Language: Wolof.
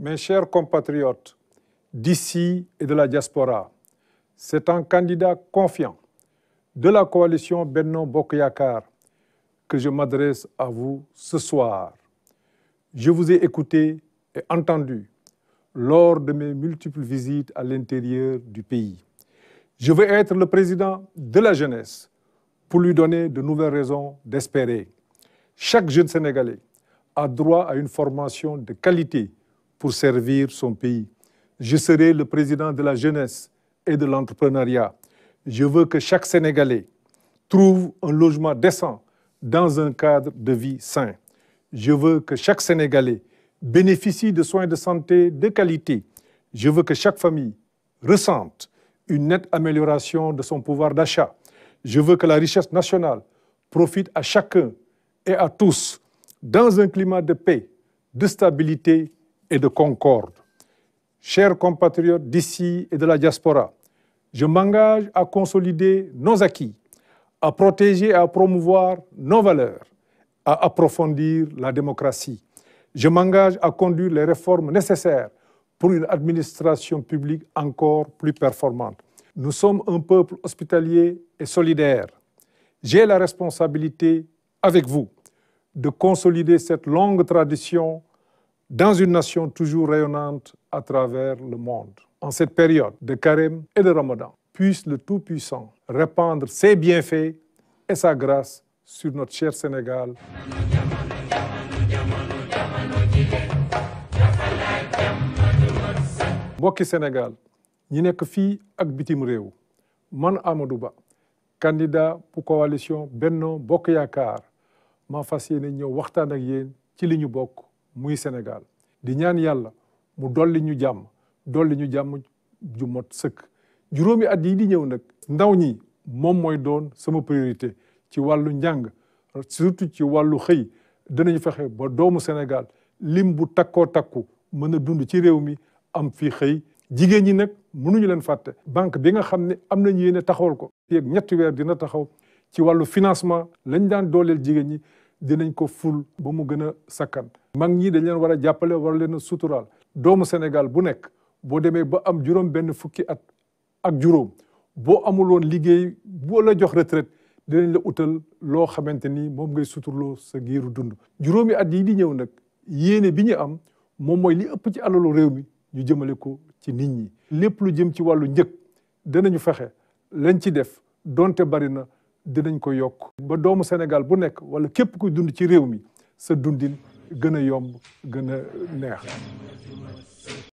Mes chers compatriotes d'ici et de la diaspora, c'est un candidat confiant de la coalition Benno Bokk Yakaar que je m'adresse à vous ce soir. Je vous ai écouté et entendu lors de mes multiples visites à l'intérieur du pays. Je veux être le président de la jeunesse pour lui donner de nouvelles raisons d'espérer. Chaque jeune Sénégalais a droit à une formation de qualité pour servir son pays. Je serai le président de la jeunesse et de l'entrepreneuriat. Je veux que chaque Sénégalais trouve un logement décent dans un cadre de vie sain. Je veux que chaque Sénégalais bénéficie de soins de santé de qualité. Je veux que chaque famille ressente une nette amélioration de son pouvoir d'achat. Je veux que la richesse nationale profite à chacun et à tous dans un climat de paix, de stabilité et de concorde. Chers compatriotes d'ici et de la diaspora, je m'engage à consolider nos acquis, à protéger et à promouvoir nos valeurs, à approfondir la démocratie. Je m'engage à conduire les réformes nécessaires pour une administration publique encore plus performante. Nous sommes un peuple hospitalier et solidaire. J'ai la responsabilité, avec vous, de consolider cette longue tradition dans une nation toujours rayonnante à travers le monde. En cette période de carême et de ramadan, puisse le Tout-Puissant répandre ses bienfaits et sa grâce sur notre cher Sénégal. mbokki Sénégal ñi nekk fii ak bitim réew man amadouba Ba candidat pour coalition Benno Bokk Yaakaar maa fas yéene ñëw waxtaan ak yéen ci li ñu bokk muy Sénégal di ñaan yàlla mu dolli ñu jàmm dolli ñu jàmm ju mot sëkk juróomi at yi di ñëw nag ndaw ñi moom mooy doon sama priorité ci wàllu njàng surtout ci wàllu xëy dinañu fexe ba doomu Sénégal lim bu takkoo takku mën a dund ci réew mi am fii xëy jigéen ñi nag mënuñu leen fàtte banque bi nga xam ne am nañu yéene taxawal ko fii ñetti weer dina taxaw ci wàllu financement lañ daan dooleel jigéen ñi dinañ ko ful ba mu gën a sakkan mag ñi dañ leen war a jàppale war leen a suturaal doomu Sénégal bu nekk boo demee ba am juróom benn fukki at ak juróom boo amuloon liggéey boo la jox retraite dinañ la utal loo xamante ni moom ngay suturloo sa giiru dund juróomi at yi di ñëw nag yéene bi ñu am moom mooy li ëpp ci alalu réew mi ñu jëmale ko ci nit ñi lépp lu jëm ci wàllu njëg danañu fexe lañ ci def donte bari na dinañ ko yokk ba doomu Sénégal bu nekk wala képp kuy dund ci réew mi sa dundin gën a yomb gën a neex